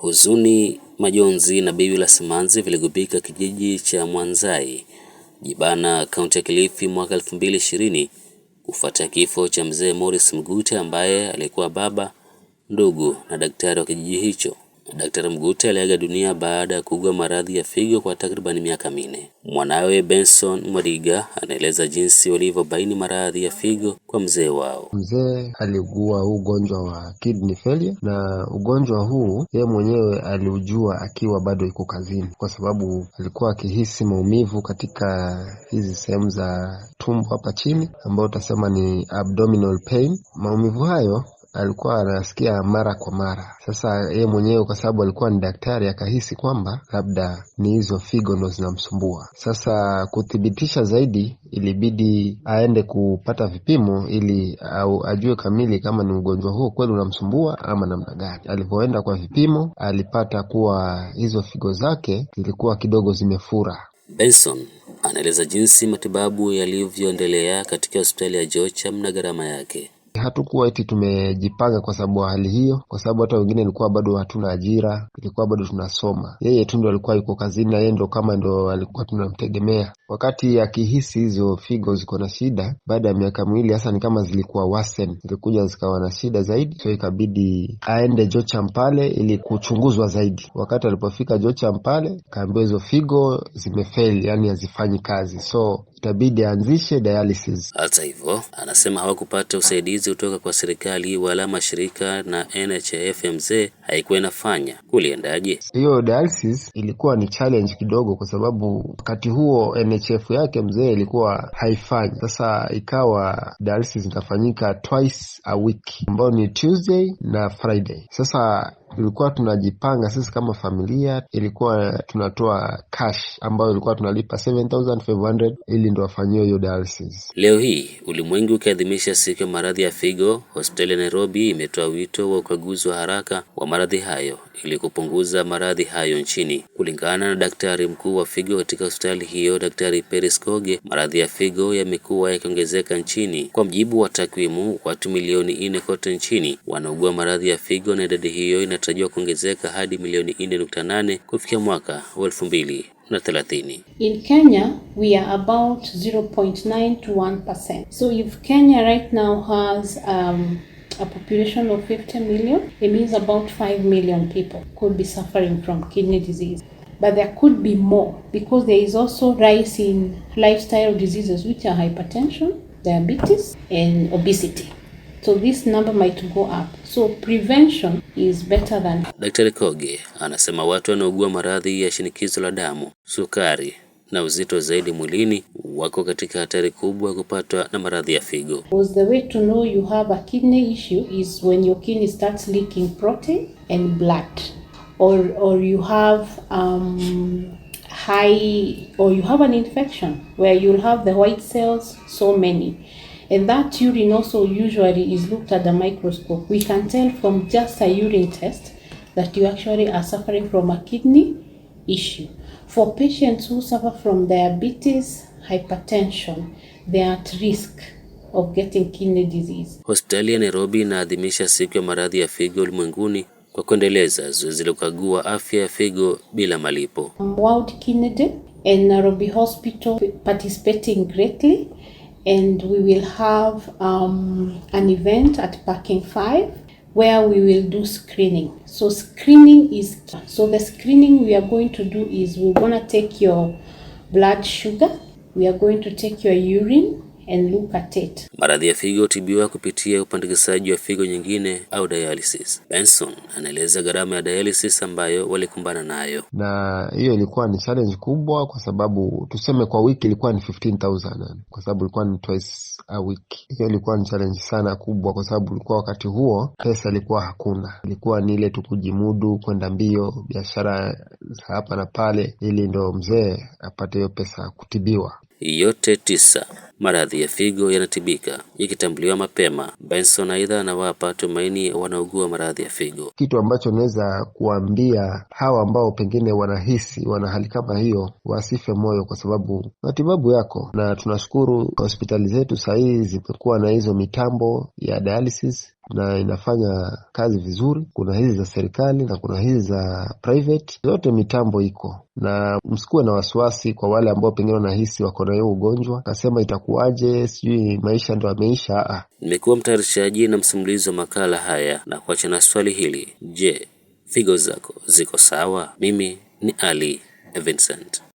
Huzuni, majonzi na biwi la simanzi viligubika kijiji cha Mwanzai, Jibana, kaunti ya Kilifi mwaka 2020 kufuatia kifo cha mzee Morris Mguta ambaye alikuwa baba, ndugu na daktari wa kijiji hicho. Daktari mgute aliaga dunia baada ya kuugua maradhi ya figo kwa takriban miaka minne. Mwanawe Benson mariga anaeleza jinsi walivyobaini maradhi ya figo kwa mzee wao. Mzee aliugua ugonjwa wa kidney failure, na ugonjwa huu yeye mwenyewe aliujua akiwa bado iko kazini, kwa sababu alikuwa akihisi maumivu katika hizi sehemu za tumbo hapa chini, ambayo utasema ni abdominal pain. Maumivu hayo alikuwa anasikia mara kwa mara. Sasa yeye mwenyewe kwa sababu alikuwa ni daktari, akahisi kwamba labda ni hizo figo ndo zinamsumbua. Sasa kuthibitisha zaidi, ilibidi aende kupata vipimo ili au ajue kamili kama ni ugonjwa huo kweli unamsumbua ama namna gani. Alivyoenda kwa vipimo, alipata kuwa hizo figo zake zilikuwa kidogo zimefura. Benson anaeleza jinsi matibabu yalivyoendelea katika hospitali ya Jocham na gharama yake. Hatukuwa eti tumejipanga kwa sababu hali hiyo, kwa sababu hata wengine ilikuwa bado hatuna ajira, tulikuwa bado tunasoma. Yeye tu ndo alikuwa yuko kazini, na yeye ndo kama ndo alikuwa tunamtegemea. Wakati akihisi hizo figo ziko na shida, baada ya miaka miwili hasa ni kama zilikuwa wasen, zilikuja zikawa na shida zaidi, so ikabidi aende Jocham pale ili kuchunguzwa zaidi. Wakati alipofika Jocham pale, kaambiwa hizo figo zimefeli, yani hazifanyi kazi so itabidi aanzishe dialysis. Hata hivyo, anasema hawakupata usaidizi kutoka kwa serikali wala mashirika, na mzee haikuwa inafanya kuliendaje hiyo dialysis. Ilikuwa ni challenge kidogo, kwa sababu wakati huo NHF yake mzee ilikuwa haifanyi. Sasa ikawa dialysis inafanyika twice a week, ambayo ni Tuesday na Friday. Sasa tulikuwa tunajipanga sisi kama familia, ilikuwa tunatoa cash ambayo ilikuwa tunalipa 7500 ili ndo afanyiwe hiyo dialysis. Leo hii ulimwengu ukiadhimisha siku ya maradhi ya figo, hospitali ya Nairobi imetoa wito wa ukaguzi wa haraka wa maradhi hayo ili kupunguza maradhi hayo nchini. Kulingana na daktari mkuu wa figo katika hospitali hiyo, Daktari Peris Koge, maradhi ya figo yamekuwa yakiongezeka nchini. Kwa mjibu wa takwimu, watu milioni nne kote nchini wanaugua maradhi ya figo na idadi hiyo ina inatarajiwa kuongezeka hadi milioni 4.8 kufikia mwaka wa 2030. In Kenya we are about 0.9 to 1%. So if Kenya right now has um, a population of 50 million, it means about 5 million people could be suffering from kidney disease. But there could be more because there is also rise in lifestyle diseases which are hypertension, diabetes and obesity. So this number might go up. So prevention is better than. Daktari Koge anasema watu wanaogua maradhi ya shinikizo la damu, sukari na uzito zaidi mwilini wako katika hatari kubwa ya kupatwa na maradhi ya figo. Because the way to know you have a kidney issue is when your kidney starts leaking protein and blood or or you have um, high or you have an infection where you'll have the white cells so many And that urine also usually is looked at the microscope. We can tell from just a urine test that you actually are suffering from a kidney issue. For patients who suffer from diabetes, hypertension, they are at risk of getting kidney disease. Hospitali ya Nairobi inaadhimisha siku ya maradhi ya figo ulimwenguni kwa kuendeleza zoezi la kukagua afya ya figo bila malipo. World Kidney Day and Nairobi Hospital participating greatly and we will have um, an event at parking 5 where we will do screening so screening is so the screening we are going to do is we're going to take your blood sugar we are going to take your urine and at it. Maradhi ya figo hutibiwa kupitia upandikizaji wa figo nyingine au dialysis. Benson anaeleza gharama ya dialysis ambayo walikumbana nayo. Na hiyo ilikuwa ni challenge kubwa, kwa sababu tuseme kwa wiki ilikuwa ni 15000 kwa sababu ilikuwa ni twice a week. Hiyo ilikuwa ni challenge sana kubwa, kwa sababu ilikuwa wakati huo pesa ilikuwa hakuna, ilikuwa ni ile tu kujimudu, kwenda mbio, biashara hapa na pale, ili ndo mzee apate hiyo pesa kutibiwa yote tisa. Maradhi ya figo yanatibika ikitambuliwa mapema. Benson aidha anawapa tumaini wanaugua maradhi ya figo. Kitu ambacho naweza kuambia hawa ambao pengine wanahisi wana hali kama hiyo, wasife moyo, kwa sababu matibabu yako, na tunashukuru hospitali zetu saa zimekuwa na hizo mitambo ya dialysis na inafanya kazi vizuri. Kuna hizi za serikali na kuna hizi za private, zote mitambo iko na msikuwe na wasiwasi. Kwa wale ambao pengine wanahisi wako na hiyo ugonjwa, akasema itakuwaje, sijui maisha ndo ameisha. Ah, ah. Nimekuwa mtayarishaji na msimulizi wa makala haya na kuacha na swali hili: je, figo zako ziko sawa? Mimi ni Ali Vincent.